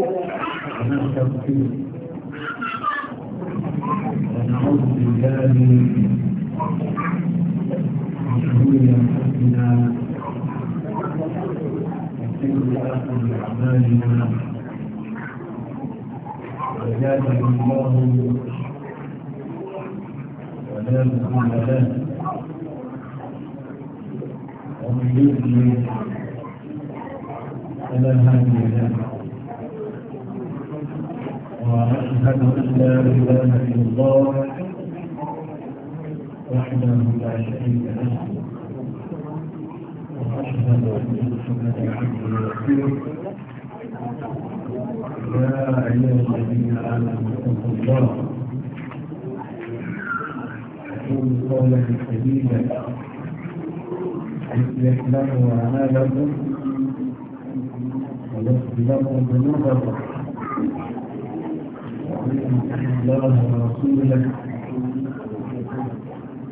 ونستغفره ونعوذ بالله من شرور انفسنا وسيئات اعمالنا وجاده الله ولا مضل له ومن يضلل فلا هادي له وأشهد أن لا إله إلا الله وحده لا شريك له وأشهد أن محمدا عبده ورسوله يا أيها الذين آمنوا اتقوا الله قولوا قولا سديدا يصلح لكم أعمالكم ويغفر لكم ذنوبكم الله ورسوله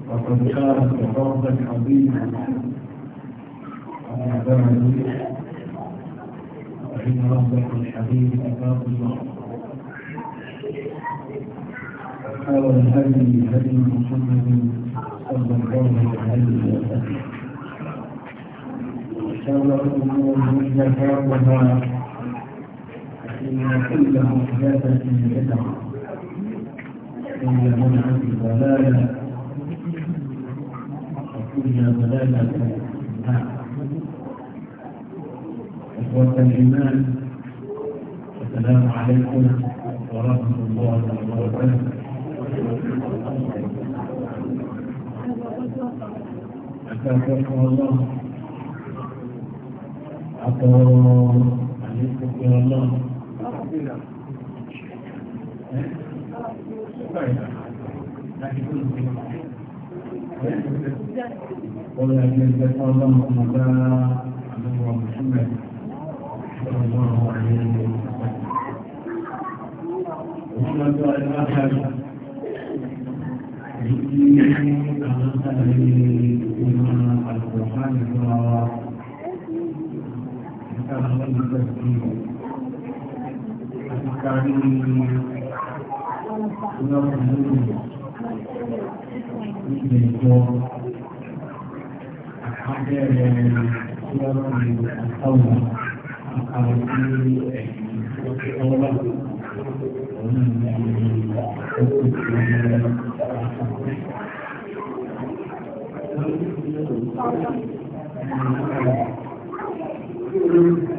وقد كانت فرضا عظيما أما بعد وحين ربك الحبيب أباب الله قال الهدي هدي محمد صلى الله عليه وسلم شر الأمور محدثاتها إن كل محدثة بدعة وكل بدعة ضلالة وكل ضلالة إخوة الإيمان السلام عليكم ورحمة الله وبركاته أتاكم الله أتاكم عليكم الله قول أجل اللهم بارك على محمد صلى الله عليه وسلم محمد الأحد يجيب على قلبي القرآن الكرام كان من تسليمه parí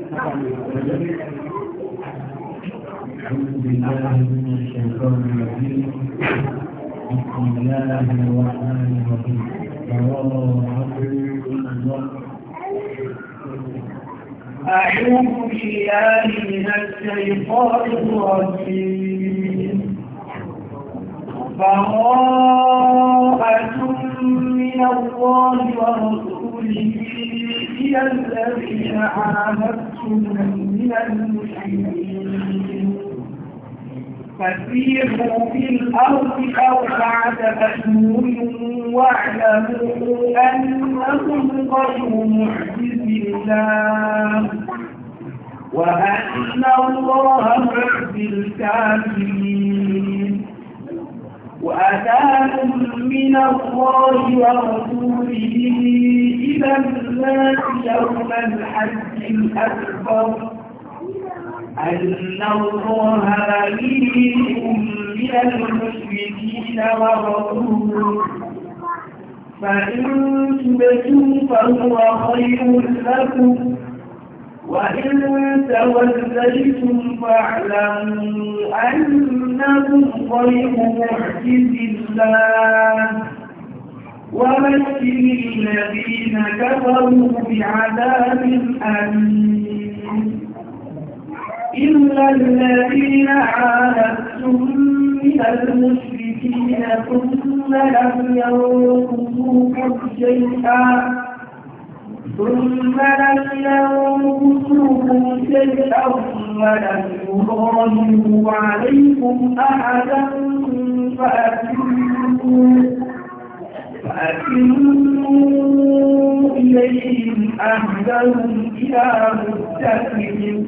Thank you. بالله من الشيطان الرجيم أعوذ بالله من الشيطان الرجيم من الله ورسوله الذين عاهدتم من المسلمين فسيروا في الأرض أربعة أشهر واعلموا أنهم غير معجز الله وأن الله معجز الكافرين وأتاهم من الله ورسوله إلى الناس يوم الحج الأكبر الله بريء من المشركين ورسوله فإن تبتوا فهو خير لكم وإن توليتم فاعلموا أنه غير معجز الله وبشر الذين كفروا بعذاب أليم إلا الذين عاهدتم من المشركين ثم لم ينقصوكم شيئا ثم لم ينقصوكم شيئا ولم يظاهروا عليكم أحدا فأتموا إليهم أهلهم إلى مدتهم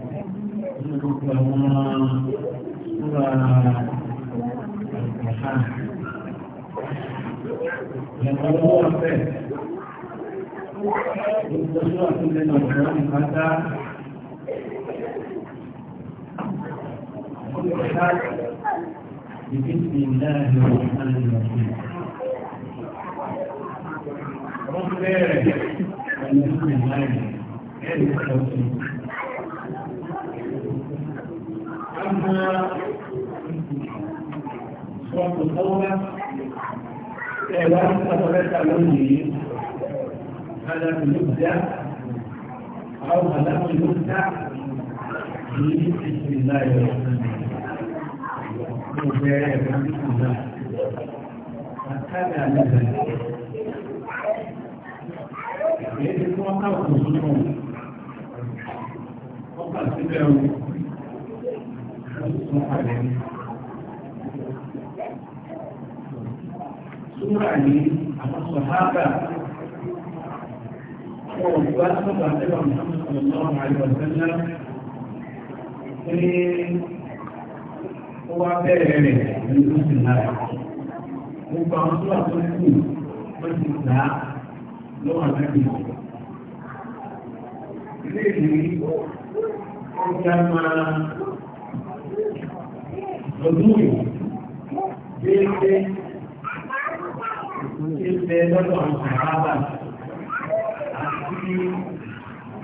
gbogbo àwọn ìwà ìgbàlá. Ìyàwó ọwọ́ ọ̀fẹ́. Ìgbàlá àti ìlẹ́nà ọ̀gá ìpátá. بسم الله الرحمن الرحيم رب العالمين أما سورة التوبة إعلان فترات علومه هذا يبدأ أو هذا يبدأ بسم الله الرحمن الرحيم هكذا نزل Ele não acabou, não. Vamos fazer Súra ní àwọn sọ̀hábà wọn ò bá sọ̀rọ̀ àtẹ́wà Mùsùlùmí àìbọ̀sẹ́lá ní ó wá bẹ̀rẹ̀ rẹ̀ ní oṣù náà. Gbogbo àwọn súra tó kù Ilé ìlú ọjà máa lọ́dúnrì déédé ìpè lọ́dọ̀ àbábà àti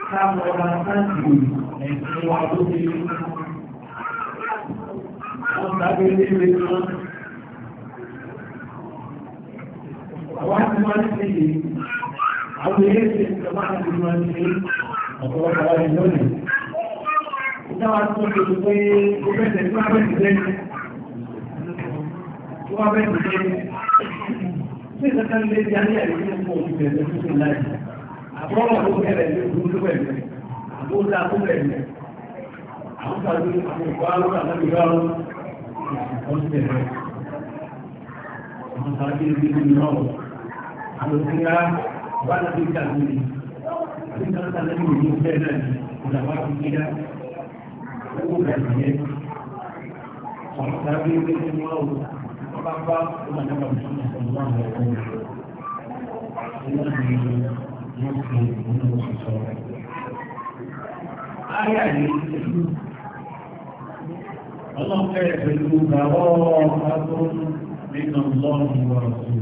káwọ́lá sáàtì ẹ̀sìn wa tó ti wọ́n tàbí léèrè kan. Àwọn àti máa ń ṣe yìí, àwọn ilé ìṣẹ́ ìjọba àti máa ń ṣe ọ̀pọ̀lọpọ̀ ẹ̀yọ́ nìyí dáwà tó lè pé ó bẹ̀rẹ̀ tó wá bẹ̀rẹ̀ lẹ́nu tó wá bẹ̀rẹ̀ lẹ́nu tí ìsẹ́kẹ́ lé di ayé ẹ̀rí ọmọ òfin bẹ̀rẹ̀ tó ti láì àbọ̀rọ̀ tó bẹ̀rẹ̀ lé ogun tó bẹ̀rẹ̀ àbóńdá tó bẹ̀rẹ̀ àwọn tàbí àwọn ìgbà àwọn àtàbíyá ti bẹ̀rẹ̀ àwọn tàbí ìgbà ìgbà àwọn ìgbà wà lábẹ́ ìgbà ìgbà ìgbà ìgbà ìgbà ìgbà ẹgbẹ́ bẹ̀rẹ̀ yẹn ọ̀pọ̀lọpọ̀ ẹgbẹ́ tí wọ́n wọ́n bá bá ọmọ ìjọba ìṣúná ìṣọ̀lá àwọn ọ̀gbọ́n ìwọ́n ni wọ́n fi ìwọ́n lọ sọ. Ayé àyè ọlọ́pẹ́ pẹ̀lú gbàgbọ́ ọ̀pá tó nínú lọ́ọ̀nù wà lórí.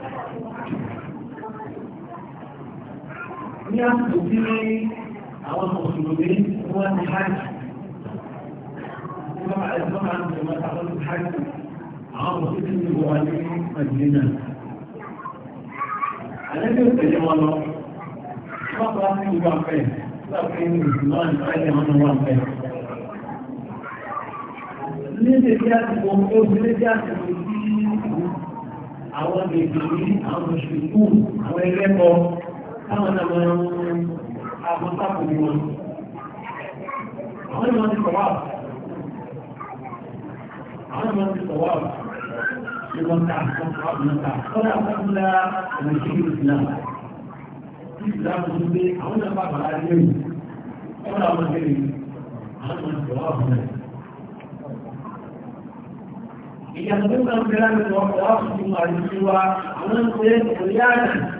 ní àsìkò bí àwọn mùsùlùmí wọ́n ti hajj wọ́n máa ń sọ́kà ń sọ́kà táwọn ti hajj àwọn mùsùlùmí wọ́n wà ní Madina. Àlejò tẹ̀lé wọn lọ, wọ́n bá sí ìlú àpẹ, láti ní ìdùnnú àti àìyàn wọn wà Níbi tí àsìkò obìnrin tí àsìkò sí àwọn èdè ní àwọn òṣèlú, àwọn ẹlẹ́kọ̀ọ́ táwọn náà máa ń àbúntàkù wọn àwọn ìmọ̀ ti sọ̀wà àwọn ìmọ̀ ti sọ̀wà ìmọ̀ta ìmọ̀ta kọ́dà fọ́nlá ìmọ̀ṣẹ́lú ìsìlámù ìsìlámù tó gbé àwọn náà bá bàrá lẹ́yìn kọ́dà wọn kéré àwọn ìmọ̀ ti sọ̀wà fún ẹ̀ ìyàtọ̀ tó ń bá ń bẹ̀rẹ̀ àwọn ìmọ̀ àwọn ìmọ̀ àti ìwà àwọn ìmọ̀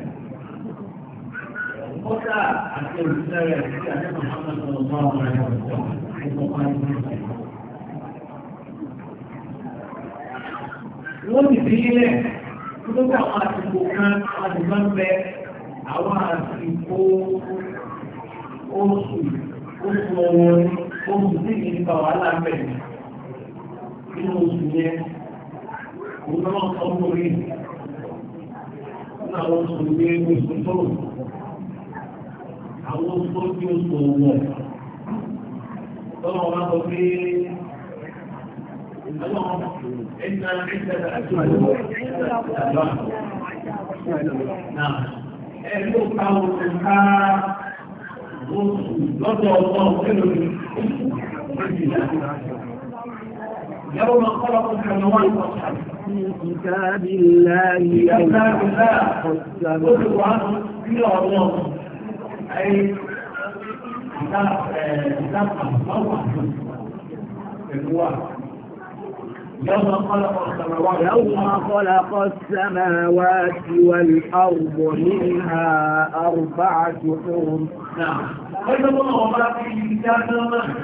kọ́tà àti òṣìṣẹ́ rẹ̀ sí àjẹ́mọ̀ sọ́nà ọmọ ọmọ ẹ̀rọ ìjọba wọ́n ti fi ilẹ̀ tó bá àwọn àsìkò kan àdìmọ́ ń bẹ àwọn àsìkò oṣù oṣù ọwọ́ oṣù tí kì í fa wàhálà ń bẹ nínú oṣù yẹn òun náà sọ fún mi nínú àwọn oṣù yẹn oṣù tó lò. àwọn sójú òwò tọ́lọ̀ wọn sọ pé ẹ̀nà ìṣẹ̀dá àti ìwọ̀n ẹ̀rí òkà òkè ká lọ́dọ̀ ọ̀pọ̀ òkèlò يوم خلق السماوات والأرض في كتاب الله يوم خلق السماوات والأرض أي تبقى موقع الواحد يوم خلق السماوات والأرض منها أربعة حرم نعم فإذا كنا وضعت في كتابنا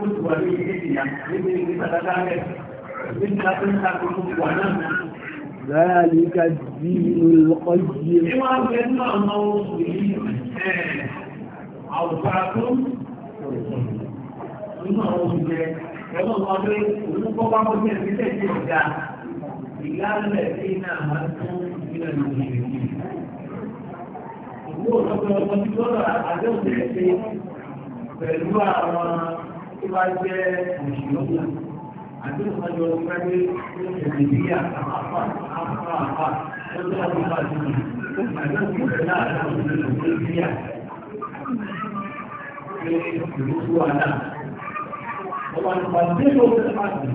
قلت وليه إيه يعني إيه إيه إيه إيه إيه إيه إيه إيه ذلك الدين القيم Ẹgbọ́n ọdún òun kọ́ bá mọ́ sí ẹ̀sìn tẹ̀sí ọ̀dá ìlànà ìlànà máa tún ìlànà ìrìnlẹ̀. Ìwọ́n ọ̀dọ́ ọmọ tí lọ́rọ̀ àjọ́ òṣèré pẹ̀lú àwọn tí wá jẹ́ òṣìlọ́gbà àti ìfọ̀jọ́ ìgbàgbé ìdíyà àpapọ̀ àpapọ̀ lọ́jọ́ ọdún bá ti mú àjọ ìgbàgbé láàárín ìgbàgbé ìdíyà pé ìlú tó wà náà.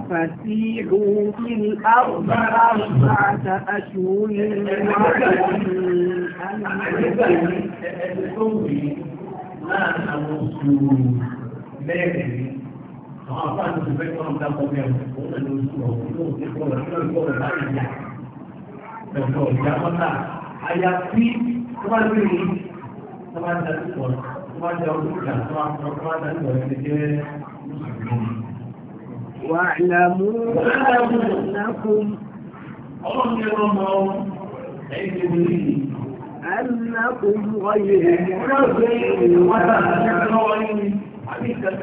فسيحوا في الأرض أربعة أشهر وعشرين àwọn àbáàdì ti fẹ́ kọ́nà dákọ̀ ní ẹ̀wọ̀n kó lè lóṣù ọ̀hún ló ti kọ́ lọ sílẹ̀ ìgbọ́rọ̀ láì yá ẹ̀fọ́ ìjà mọ́ta àyàfi tó bá gbé yìí tó bá dá sí pọ̀ tó bá dá ọdún ìjà tó bá tó bá dá sí pọ̀ ẹni jẹ́ واعلموا أنكم أنكم غير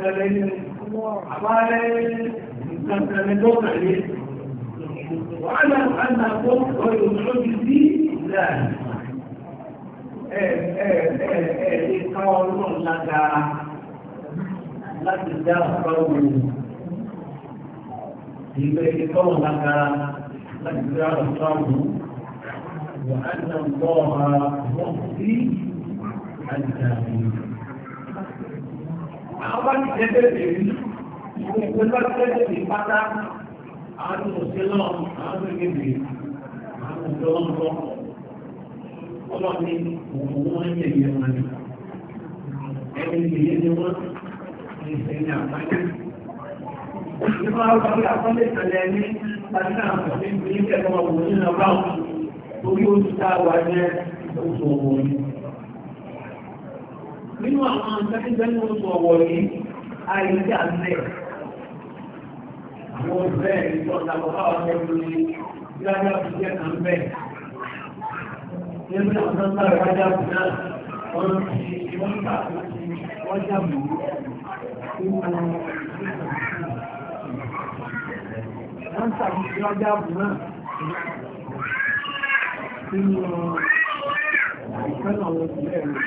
مؤمنين حوالي من دوقع ليه واعلم انكم غير الحجز الله ìkáwọ́lọ́ lágara láti dá ọ̀pọ̀lọpọ̀ ìgbẹ́ ìkáwọ́ á nà bọ́ ọ̀hà wọ́n sí àjàmì àwọn bá ní tẹ́tẹ́ tèmi ìwé ìwé bá tẹ́tẹ́ tèmi pátá àwọn tó ṣe lọ́wọ́ àwọn tó ṣe àwọn tó lọ́wọ́ lọ́wọ́ ọlọ́ni òun wọ́n ń ni ẹni yẹ̀yẹ̀ ni wọ́n ń sẹ́yìn àpáyé nípa ọgbàgbé àpáyé tẹ̀lé ẹni láti náà pọ̀ sí ìgbìyànjú ẹ̀kọ́ ọ̀gbọ̀n nínú ọgbà òun torí oṣù tá nínú àwọn akẹ́kẹ́gbẹ́nu ọ̀wọ̀ yìí àìsí àṣẹ àwọn ọ̀fẹ́ ìtọ́jàpọ̀ báwọn ọ̀fẹ́ ní ìlànà ìṣẹ́ kan bẹ́ẹ̀. Nígbà tó ń sáré wájà bù náà, wọ́n ti wọ́n gbà láti wájà bù wọ́n sàbí wájà bù náà nínú ìfẹ́ náà wọ́n ti bẹ̀rẹ̀.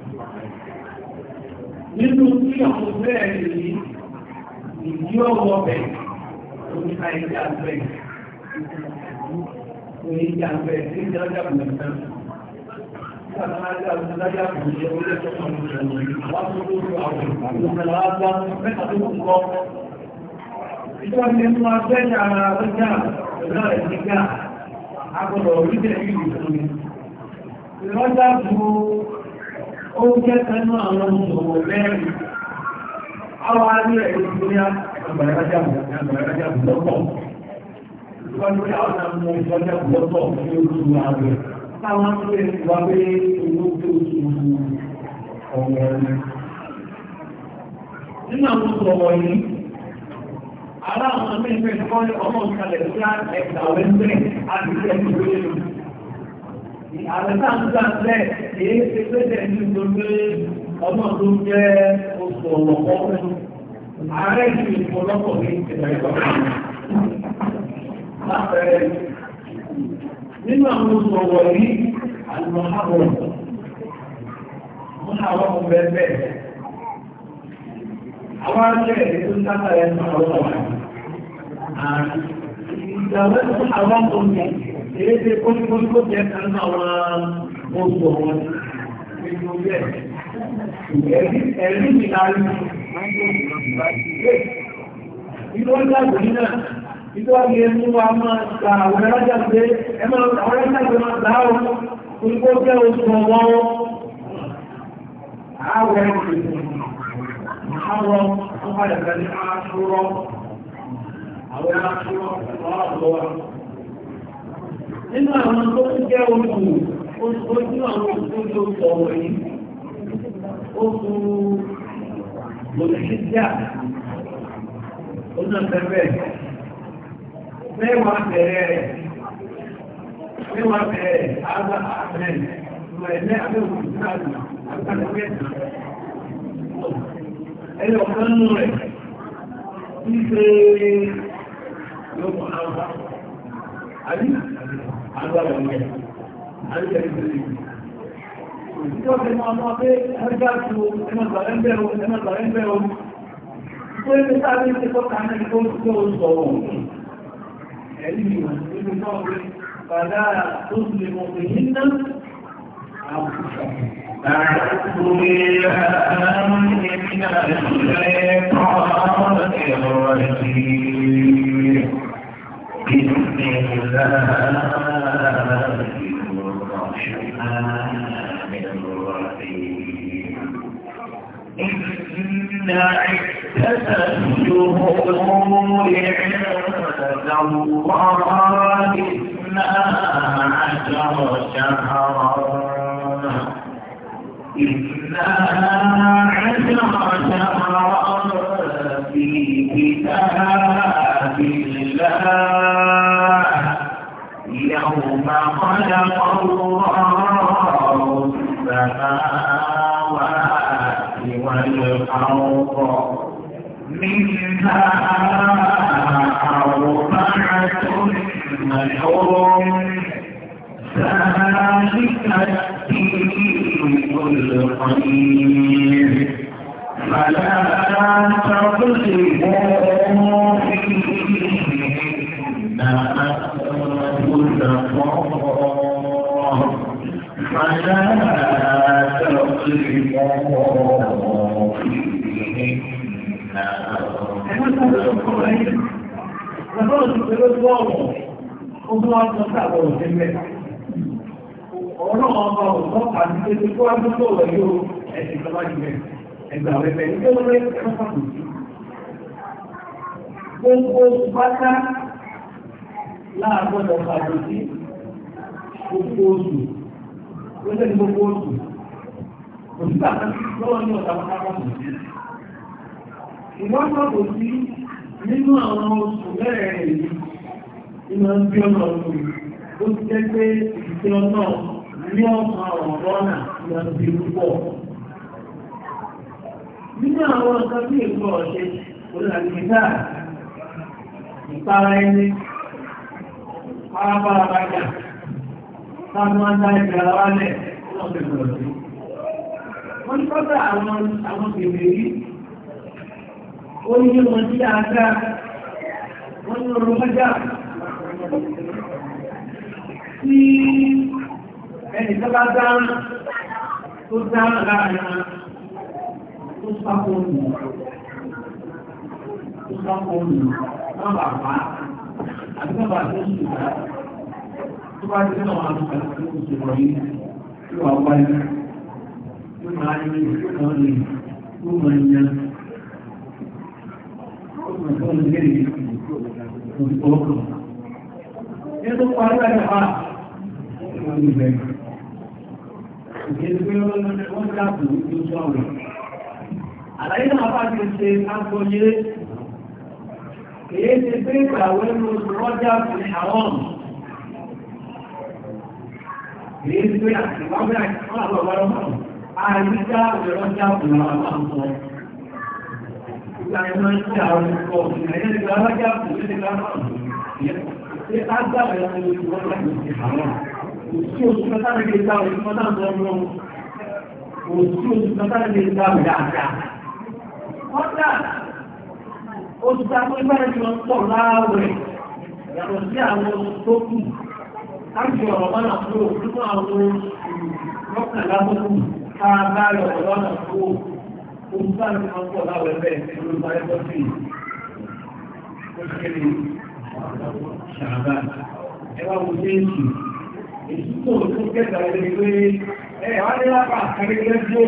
ìṣòro bẹ́ẹ̀ ní ìdí ọwọ́ bẹ̀ orí àìsí àgbẹ̀ orí àgbẹ̀ tí ó dájá bù Ìrọ́jà bú ó tẹnu àwọn òṣòwò mẹ́rin àwọn arábìnrin ẹ̀rọ tó ní àgbàlágbájá àgbàlágbájá lọ́pọ̀ wọ́n ní àwọn àmọ́ ìjọba lọ́pọ̀ ní oṣù àgbẹ̀ ń pè wá pé owó tó oṣù ọ̀wọ̀ ni nínú àwọn oṣù ọ̀wọ̀ yìí ará ní ọmọ ìkàlẹ̀ ọmọ tó jẹ́ oṣù ọ̀pọ̀ ààrẹ ìlú ìpọlọ́pọ̀ ní ìpínlẹ̀ ìjọba lápẹẹrẹ nínú àwọn oṣù ọ̀wọ̀ yìí àlùmọ̀háwọ̀ mọ́ àwọn ọmọ bẹ́ẹ̀ àwọn alẹ́ ìlú sábàá ẹ̀sùn àwọn ọmọ ìgbàwé fún àwọn ọmọ mi èyí tí kóníkóníkó jẹ́ kan náà wọn oṣù ọ̀wọ̀ nínú bẹ́ẹ̀ ẹ̀rí mi láàrí ìlú ọjà ìgbòmí náà ìlú ọjà ìlú wa máa gba àwọn ẹ̀rọ́jà pé ẹmọ́ àwọn ẹ̀rọ́jà pé máa gbà ó orúkọ jẹ́ oṣù ọwọ́ àwọ̀ àwọ̀ ọ̀padà pẹ̀lú aṣọ́rọ̀ àwọn aṣọ́rọ̀ ọ̀pọ̀lọpọ̀ nínú àwọn tó jẹ́ oṣù oṣù àwọn oṣù tó jẹ́ oṣù ọ̀wọ̀ yìí oṣù lòlẹ́síjà oṣù pẹ̀pẹ̀ mẹ́wàá bẹ̀rẹ̀ rẹ̀ mẹ́wàá bẹ̀rẹ̀ rẹ̀ àgbà àbẹ̀rẹ̀ mẹ́ẹ̀lẹ́ àbẹ̀wò ìgbàlù àgbàlẹ̀ ẹ̀yọ kan nù agba ṣíṣe Ìjọ́sẹ̀ máa máa pé ẹgbẹ́gbẹ́gbẹ́ ẹgbẹ́gbẹ́ ẹgbẹ́gbẹ́ ẹgbẹ́gbẹ́ ẹgbẹ́gbẹ́ ẹgbẹ́gbẹ́ ẹgbẹ́gbẹ́ ẹgbẹ́gbẹ́ ẹgbẹ́gbẹ́ ẹgbẹ́gbẹ́ ẹgbẹ́gbẹ́ ẹgbẹ́gbẹ́ ẹgbẹ́gbẹ́ ẹgbẹ́gbẹ́ إن عدة الشهور عند الله إثنا عشر شهرا إثنا عشر شهرا في كتاب الله يوم خلق الله السماوات الأرض منها أربعة أشهر ذلك الدين القيم فلا تظلموا فيهن أنفسكم فلا Ogún gbogbo ọ̀rọ̀ yóò ẹ̀sìn tọ́lá jùlẹ̀ ẹgbà Gbogbo oṣù, gbogbo oṣù òṣìṣẹ́ àtàkùn lọ́wọ́ ní ọ̀tà pátápátá ìwọ́n sọ̀rọ̀ sí nínú àwọn oṣù mẹ́rẹ̀ẹ̀rẹ̀ yìí iná ń bí ọ̀nà ọ̀sùn ó ti jẹ́ pé ìṣẹ́ ọ̀nà ní ọ̀pọ̀ àwọn ọ̀nà ìyá ti púpọ̀ nínú àwọn nǹkan tí èkó ọ̀ṣẹ́ olùdàgbẹ́ta ìpara ẹni wọ́n ní kọ́tà àwọn àwọn bèbè rí ó ní wọn sí dáadáa wọ́n ní orun mọ́já tí ẹnì tó bá dá tó dá lára tó sáfọ́ nù tó sáfọ́ nù má bàbá àti bàbá tó sùn tó bá dé náà àwọn àgbàlagbà tó sùn wọ̀nyí tó wà wáyé ààrin ọ̀rìn tó mọ̀ ní ọ̀rìn lẹ́yìn ọ̀pọ̀ Ẹni tó parí ẹ̀rẹ̀ pa, wọ́n ń bẹ̀rẹ̀. Ìgbẹ́ ìgbẹ́ wọ́n dáàbò ní oṣù àwọn. Àlàyé náà bá ti ṣe ágbọ́yé, èé ti pé ìgbàwẹ́ ní oṣù rọ́jà fún àwọn ọ̀nà. Èé ti pé àti wọ́n bẹ̀rẹ̀ àríká ìrọ́jà fún àwọn àwọn ìgbàmọ́ sí àwọn ìkọ̀ ìrìnlẹ̀ ìgbàlájá fún ìgbàlájá fún ìgbàlájá Oṣù tàbí ìgbàrẹ̀ ká lọ́nà tó ohun bá ní wọn pọ̀ láwọn ó kéré ṣàbá ẹwà wo ní èsì èsì tó tó kẹta ẹni pé ẹ wá ní lápá àkàrí lẹ́jọ́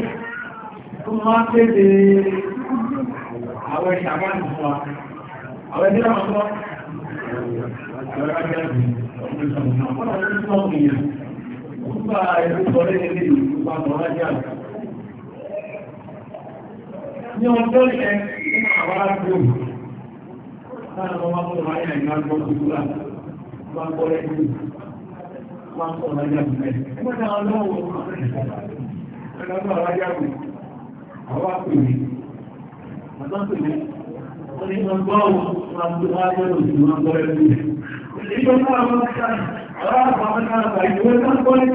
tó máa kéde àwọn ṣàbá nìfọ́ àwọn ẹgbẹ́ àwọn ọmọ ọmọ ọmọ Nípa ìrúsọ̀rẹ́ ilé ìrúpa Mọ̀lájá. Ní ọjọ́ yẹn, àwọn arábíò, láàrín ọmọ ọmọ ayé ìgbàgbọ́ ìgbà, máa kọ́ lẹ́gbẹ̀ẹ́, máa kọ́ Mọ̀lájá bùnẹ̀. Ẹgbẹ́ ta ọlọ́wọ́ ọmọ Mọ̀lájá bùnẹ̀, àwọn àpèrè, àtọ́pèrè, wọ́n ní ọgbọ́ orang paman orang baik dua kan boleh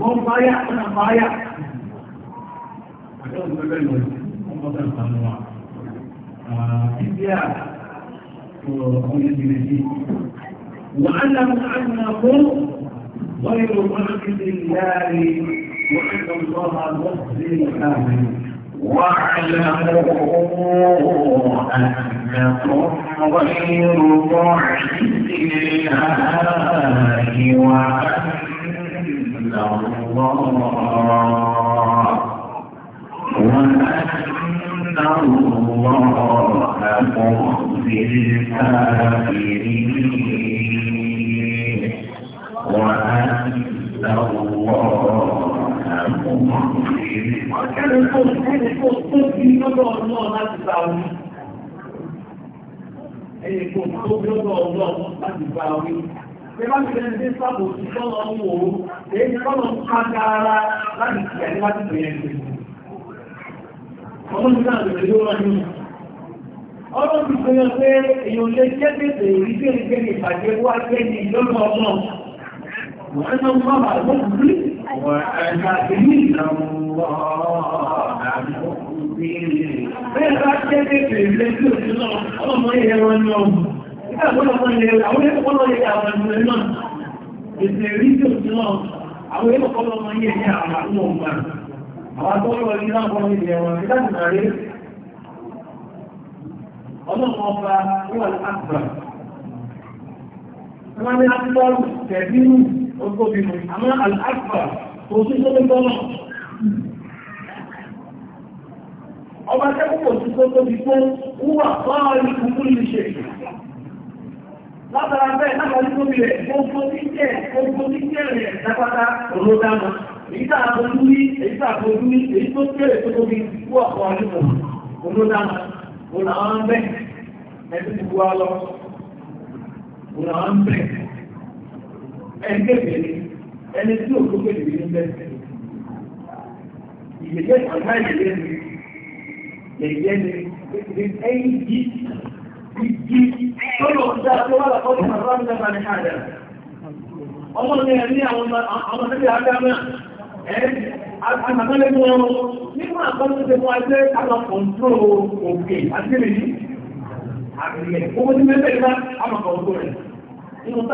mau bayar mana bayar ada berbagai macam orang semua India tu orang Indonesia وعلم أنكم غير معبد الله وأن الله مخزي الآمنين واعلموا أنكم غير معجز الله وأن الله وأن الله مخزي الكافرين وأن الله Ẹni ọjọ́ ọjọ́ láti gba orí. Ṣé bá ti lẹ́nu tí sábò sí èyí ni kọ́lọ̀ ń ká gára Ọmọ ọmọ. وأن الله مؤمن فإذا كتبت لكل أمر والنوم Àwọn ẹgbẹ̀kọ́lọ́ ọmọ yẹ́ ní àwọn àwọn ọmọ àwọn àtọ́lọ́ ìlànà ọmọ ilẹ̀ wọn láti rẹ̀ ọlọ́pọ̀ ọba wọ́n àgbà. Wọ́n ni a ti lọ́rùn tẹ̀bínú ó tóbi mú àmọ́ àlàáfà kò sí tó tó tọ́nà ọba tẹ́kùnkùn sí tó tóbi tó wúwà fáàrí kúkú lè ṣe látara bẹ́ẹ̀ látàrí tóbi rẹ̀ gbogbo títẹ̀ gbogbo títẹ̀ rẹ̀ dápátá olódáná èyí tá àfojú ní èyí tá àfojú ní èyí tó kéré tó tóbi wúwà fáàrí kúkú olódáná òun àwọn bẹ́ẹ̀ ẹ̀sìn ìwà lọ òun àwọn bẹ́ẹ̀ ẹni kéèké ni ẹni tí ò tó kéèké ní bẹ́ẹ̀ ìyẹ̀yẹ́ àkọ́lù tó wá jẹ́ àwọn òkè àti owó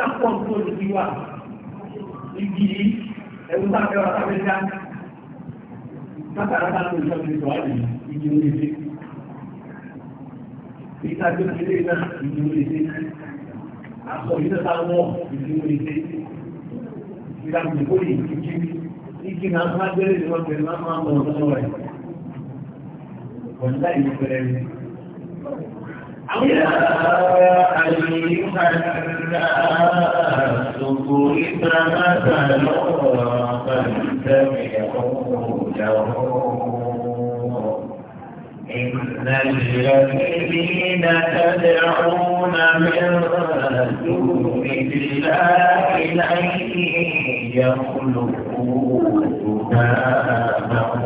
tí rẹ̀ igi ẹ̀rù sáfẹ́ wa sáfẹ́ já látàrátà ló sọ ti sọ àdì igi ló lè dé ìta tó ti lé náà igi ló lè dé àpò ìdọ́ta wọ́ igi ló lè dé ìlànà ìgbóyè igi igi náà máa gbélé ìwọ̀n pẹ̀lú máa máa mọ̀ ọ́ sọ́wọ́ rẹ̀ ọ̀dá ìlú pẹ̀lẹ́ يا أيها الناس ضرب مثل فاستمعوا له إن الذين تدعون من رسول الله لن يخلقون ذبابا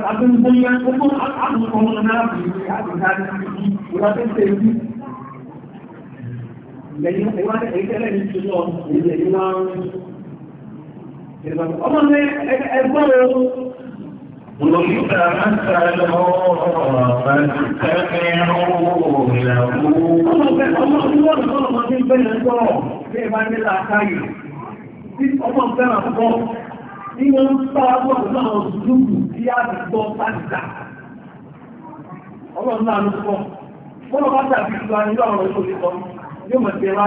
abin kunya kuma abin kuma na biyu ya ta ta ta ciki wata ta yi lẹ́yìn ẹwà ẹgbẹ́rẹ́ ní ti lọ ilẹ̀ yìí máa ń ìrìnàmù ọmọ ní ẹgbẹ́ ooru. Olùkọ́ àmàtà lọ́wọ́ ọ̀rọ̀ àtẹ́fẹ́ ọ̀rọ̀ ìlàwó. Ọmọ ọ̀gbẹ́ ọmọ ọdún ọ̀rọ̀ ọmọdé bẹ̀rẹ̀ ń bọ̀ bí ẹ bá nílà káyì. Ọmọ ọ̀gbẹ́ àkọ́kọ́ ní wọ́n ń ọzọ wà náà lùkù a na gbọ́ pàtàkì ọlọ́run náà ló pọ̀ wọ́n bá tàbí ìlú ànílọ́ ọ̀rọ̀ tó lè kọ́ yóò mọ̀ sí ẹwà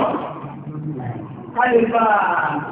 ní ẹwà wọn lábẹ́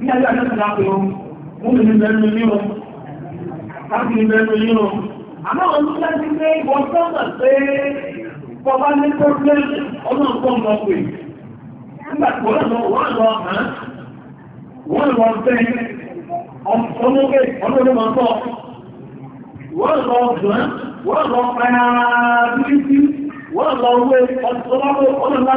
bí ayé àjọ́sìn lápẹ̀ ohun mú mi ní bẹ̀rù ní ohun láti ní bẹ̀rù ní ohun àmọ́ àwọn tó láti pé wọ́n sọ́nà pé bọ́bá ní problem ọmọ nǹkan lọ pè nígbà tí wọ́n lọ wọ́n lọ hàn wọ́n lọ bẹ́ ọmọge ọmọdé máa bọ̀ wọ́n lọ gbọ́n wọ́n lọ pẹ́ ara bíbí wọ́n lọ wé ọ̀tọ́lọ́wọ́ ọlọ́lá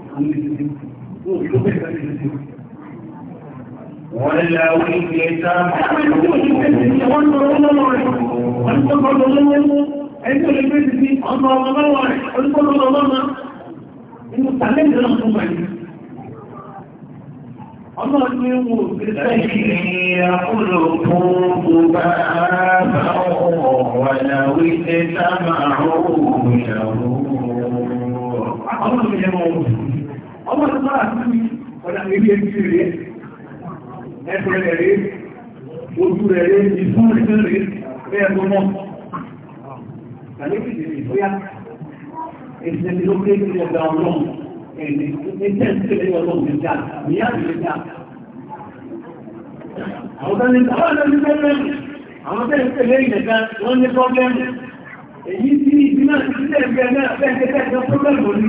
ولو ìtẹ́sàmà òun ìyàwó. Àwọn ìyẹ̀wò ọmọ tó bá àti mi ọ̀dà ilé ẹgbẹ́ rẹ̀ ẹgbẹ́ rẹ̀ rẹ̀ ojú rẹ̀ rẹ̀ ìfún rẹ̀ rẹ̀ rẹ̀ ẹgbẹ́ mọ́ tàbí ìgbéyà ìsinmi ló pé ní ọgbà ọlọ́run ẹni ní tẹ́ǹtì lẹ́yìn ọlọ́run ní já ní àti ní já àwọn tẹ́ǹtì àwọn tẹ́ǹtì lẹ́yìn àwọn tẹ́ǹtì lẹ́yìn ẹ̀ka wọ́n ní pọ́blẹ́mù èyí tí ìdí náà ti tẹ́ǹtì ẹ̀ka tẹ́ǹtì ẹ̀ka pọ́blẹ́mù ní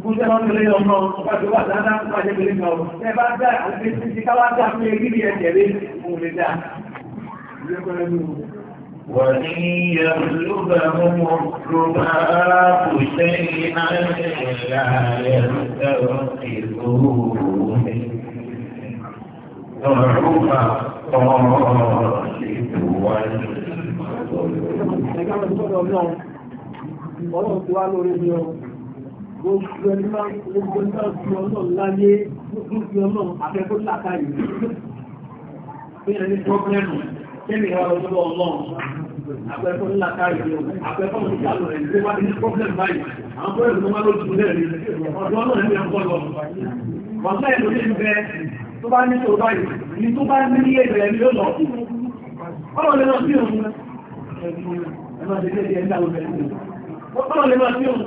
ìgbúṣẹ́ wọn tó lé ọmọ ọba tó wà dáadáa tó wà jẹ́gbẹ̀rẹ́ náà ẹ bá dá àti ti káwá dá fún ẹgbẹ́ ní ẹ̀jẹ̀ rẹ̀ fún lè dá. وإن يغلبهم الرباط شيئا لا يستغفرون ضعف gbogbo ẹni máa fi láyé fún fi ọlọ́run afẹ́kó látàrí pé ẹni pọ́blẹ́mù kéèmì ẹ̀rọ ọlọ́run ọlọ́run afẹ́kó látàrí afẹ́kó ìjàlọ ẹni tó bá ti ní pọ́blẹ́mù báyìí àwọn pọ́blẹ́mù tó má ló jù lẹ́ẹ̀rí ọ̀dọ́ ọlọ́run ẹni ẹ̀kọ́ lọ wàhálà ẹ̀ lórí ń bẹ tó bá ní tó báyìí ní tó bá ní ilé ìbẹ̀rẹ̀ ni ó lọ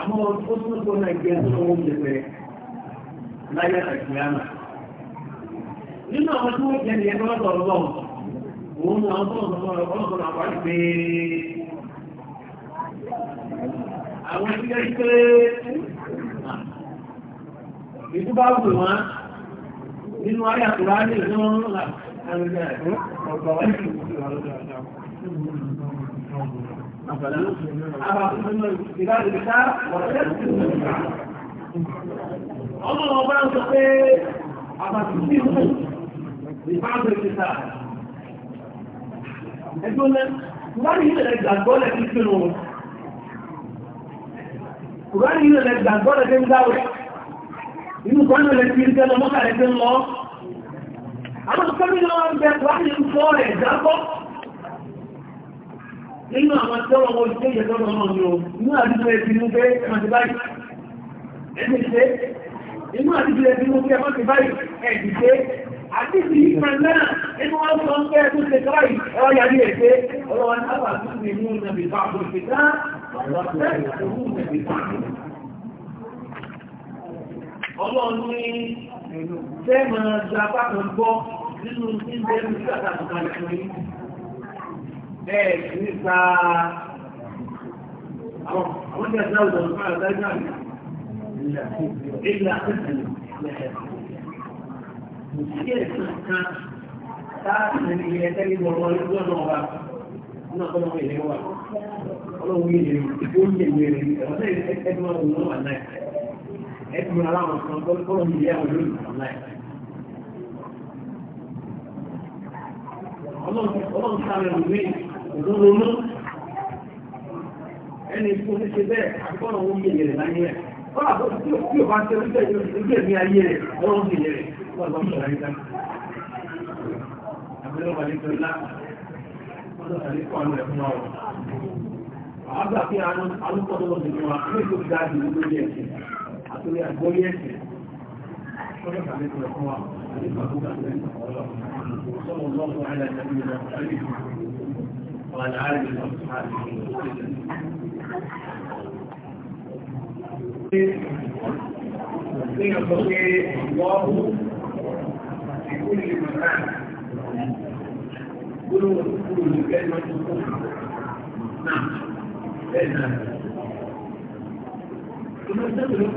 àmọ́ ó tún kó náà jẹ́ tó wọ́n ti pẹ́ láyé àtìyámà. Nínú àwọn tí wọ́n jẹ́ ní ẹgbẹ́ lọ́dọ̀ ọlọ́run, òun ni àwọn tọ́lọ̀ tọ́lọ̀ ọlọ́dọ̀ náà wáyé pé àwọn tí wọ́n pé ìdúbà wù wọ́n nínú ayé àkùrá ní ìlú ọ̀rọ̀ Ọmọ ọba ń sọ pé àbàtìsí ìlú ìbáàbò ìkẹta. Ẹjọ́ lẹ́, Kùránì yìí lẹ̀ gbàgbọ́ lẹ̀ fi fi rò. Kùránì yìí lẹ̀ gbàgbọ́ lẹ̀ fi ń dáwẹ̀. Inú kan lẹ̀ fi ń tẹ́lọ mọ́kàlẹ̀ fi ń lọ. Àwọn kọ́mí náà ń bẹ Kùránì ń fọ́ ẹ̀ jábọ́ nínú àwọn tí ọmọ ìṣẹ́ ìyẹ̀tọ́nà ọmọ ni o inú àdúgbò ẹbí mú pé ẹmà ti báyìí ẹni ṣe inú àdúgbò ẹbí mú pé ẹmà ti báyìí ẹni ṣe àti ti ìgbà náà inú wọn sọ pé ẹkú ṣe tọ́ yìí ẹwà yàrí ẹ̀ pé ọlọ́wọ́ ní àbà tó ti mú nàbì bá àbò ṣe tá ọlọ́run ní fẹ́ máa gba apá kan gbọ́ nínú ìgbẹ́ mi sí àtàkùn kan ìṣòro bẹ́ẹ̀ nípa àwọn ọmọdé ẹ̀sẹ̀ ọ̀dọ̀ fún àwọn ọ̀dájú àmì ilẹ̀ àkẹ́kẹ̀ẹ́ ìṣẹ́ ẹ̀sìn kan táàkì ní ilẹ̀ tẹ́lẹ̀ ọmọ ìlú ọ̀nà ọba nínú ọ̀pọ̀lọpọ̀ ìlú wa ọlọ́run yìí ìlú oúnjẹ ìlú rẹ̀ ọ̀sẹ̀ ẹ̀dùn ọ̀run náà wà náà ẹ̀dùn aláwọ̀ kan kọ́lọ́run yìí àwọn ìlú ìlú náà ọlọ́run sáré ọ̀run méjì òdúró mú ẹni tó ti ṣe bẹ́ẹ̀ àgbọ̀nà òun yẹ yẹrẹ láyé rẹ̀ wọ́n àbọ̀ tí ò bá ṣe oúnjẹ ìgbẹ́ mi ayé rẹ̀ ọlọ́run yẹ yẹrẹ wọ́n lọ́ sọ̀rọ̀ ayé dáná. àbúrò wà ní tòlá wọ́n lọ́ta ní kọ́ àánú rẹ̀ fún àwọn gbà pé àwọn alùpùpù lọ́dọ̀ ní wa pé kò dá ju lórí ẹ̀sìn àtòrí ẹ̀sìn wọ́n ní tòlá fún وعلى آله وصحبه وسلم يستطيع الله في كل مكان قلوا كل كلمة نعم لأن كما تدرك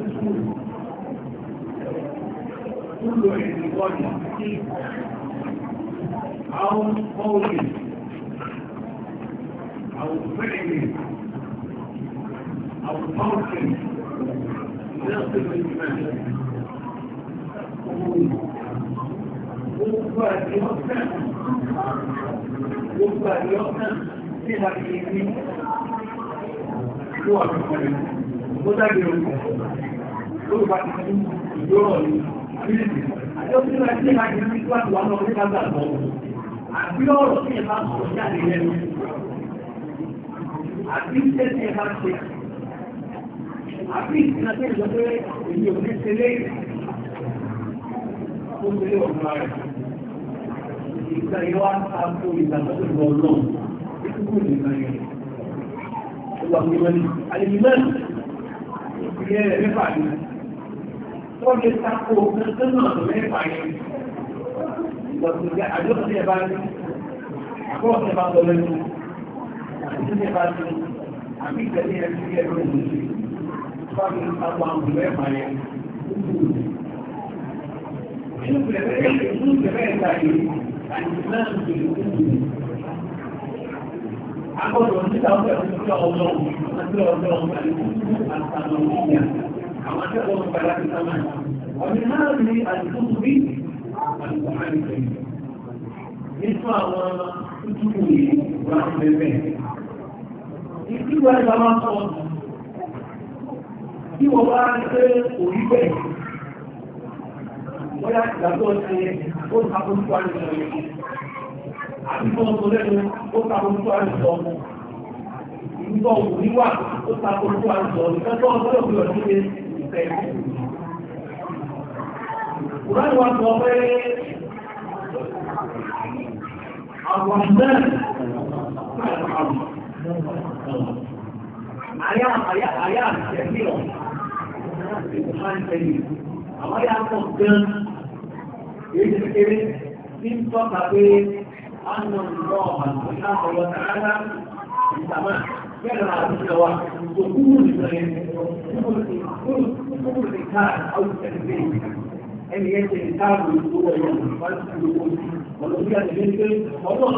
كل اعتقاد او قول أو فعل أو طرف ناقض الإيمان وقفة يومنا وقفة يومنا فيها الإيمان هو أكبر وده بيوم وقفة يوم يوم àti ọ̀rọ̀ tí ìlànà ìgbàgbọ́ àwọn ọ̀rẹ́ bá gbàgbọ́ àbí ọ̀rọ̀ tí ìlànà ìgbàgbọ́ at least let me have six. At least nothing is away in your distillate. Ó ti lé ọ̀gá rẹ̀. Ìgbà yìí wá sáàpù ìdàgbàsó ìgbà ọlọ́run. Ìkúkú ní ìgbà yẹn. Ìgbà mi wọ́n ní. Àlejò náà ìpìlẹ̀ rẹ̀ mẹ́fà bá ní. lẹ́nu àtúnṣe bá ti àbí ìtẹ̀lé ẹni tí ẹ̀rọ ìlú fáwọn ìpapọ̀ àwọn ìlú ẹ̀fà yẹn. Inú ìpẹ̀lẹ̀ ẹ̀ta yìí, àti náà ń pè é Agbọ́dọ̀ níta ọ̀pẹ̀ ọ̀pẹ̀ ọlọ́run àti ọlọ́run àti àtàlọ́ ìyá. Àwọn akẹ́kọ̀ọ́ ń padà sí sámà. Ọ̀dẹ̀ náà ní àdìsúkú bí àdìsúkú àdìsúkú. Nítorí àwọn tútù yìí wà bẹ́ẹ̀ bẹ́ẹ̀ ìdí wọ́n máa sọ bí wọ́n bá ń pé òrí bẹ́ẹ̀ wọ́n ìgbàgbọ́ ṣe ó ta kó nípa ní ọ̀rẹ́ àti fún ọmọ lẹ́nu ó ta kó nípa ní ọmọ ìgbọ́ òní wà ó ta kó nípa ní ọmọ ìfẹ́tọ́ ọmọ lọ́pọ̀ yọ̀ ní ìfẹ́ Kùránì wa sọ pé àwọn náà àyà àyà àyà àṣẹ̀lẹ̀ ọ̀ máa ń tẹ̀lé àwọn yà pọ̀ gan èyí kékeré tí ń tọ́ka pé ánà ìlọ àti láàbọ̀lọ́ tààrà ìtàmà bẹ́ẹ̀ náà àti ìjọ wa òkúrú ẹni yẹn ti káàbù tó wọ̀ ìlú ọ̀nà bí àti lé pé ó lọ́nà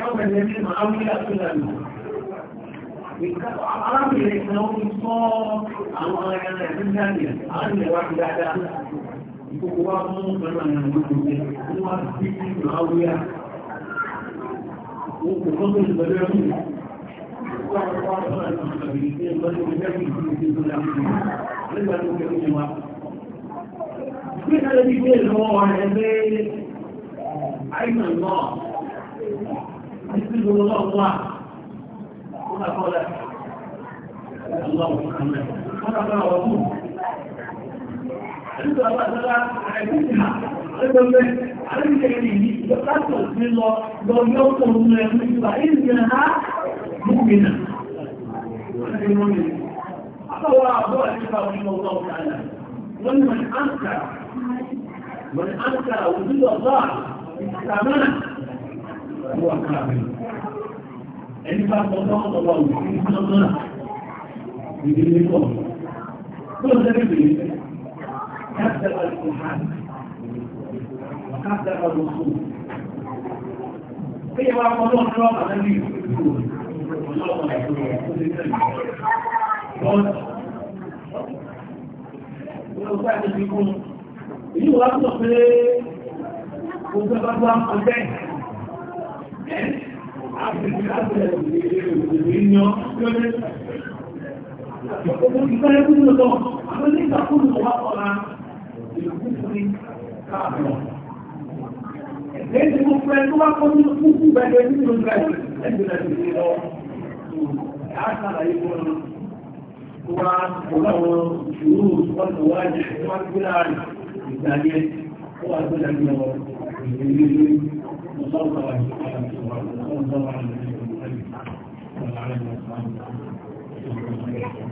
يوم الذين معاوية سلامه arábìnrin kan ó sọ àwọn ará nàìjíríà àwọn ìwà dáadáa ìkòkò wá fún pẹ̀lú àwọn ìrìnàjò tó wá sí ìrìnàwóyà ó kò kọ́ tó ìgbẹ̀lẹ̀ ọdún Gbé ẹgbẹ́ ìgbé lọ́wọ́ ẹgbẹ́ àìsàn náà يحبه الله الله وما قوله الله محمد خلق رسول عند الله تعالى عزيزها أيضا عند يديه يقتل من الله لو يوصل من المجبعين منها مؤمنا ولكن مؤمن أقوى أبو أحبه رحمه الله تعالى ومن أنكر من أنكر وجود الله استعمله ló wà káàkiri ẹni bá sọ fún ọmọ wa òkú ní sọ́nà ìdí ní pọ̀ tó ń tẹ́lẹ̀ bèèrè káàkiri alùpùpù káàkiri alùpùpù Kéyẹ wá kọ́ lọ́wọ́ lọ́wọ́ àtàlẹ́ ìlú ọ̀ṣọ́lọ́wọ́ àìsọ́lọ́wọ́ tó ti tẹ̀lé Ìlú wa sọ pé gbogbo ẹgbẹ́ wa ń kọjá ìgbà. Ẹgbẹ́ ti mú fẹ́ tó wá kọ́ nínú kúkú bẹ̀rẹ̀ nínú ìgbẹ̀rẹ̀ ẹgbẹ̀rẹ̀ ìgbẹ̀rẹ̀ lọ. Àṣàrà ìgbọ̀n tó wá ọ̀láwọn ìṣòro ìpọ̀lọ̀ wá jẹ́ wá gbé láàrin ìgbàlẹ̀ ó wà gbé láàrin ọ̀rọ̀ ìgbẹ̀rẹ̀ وصلى على الحياة وصلى على الحياة وعلى الحياة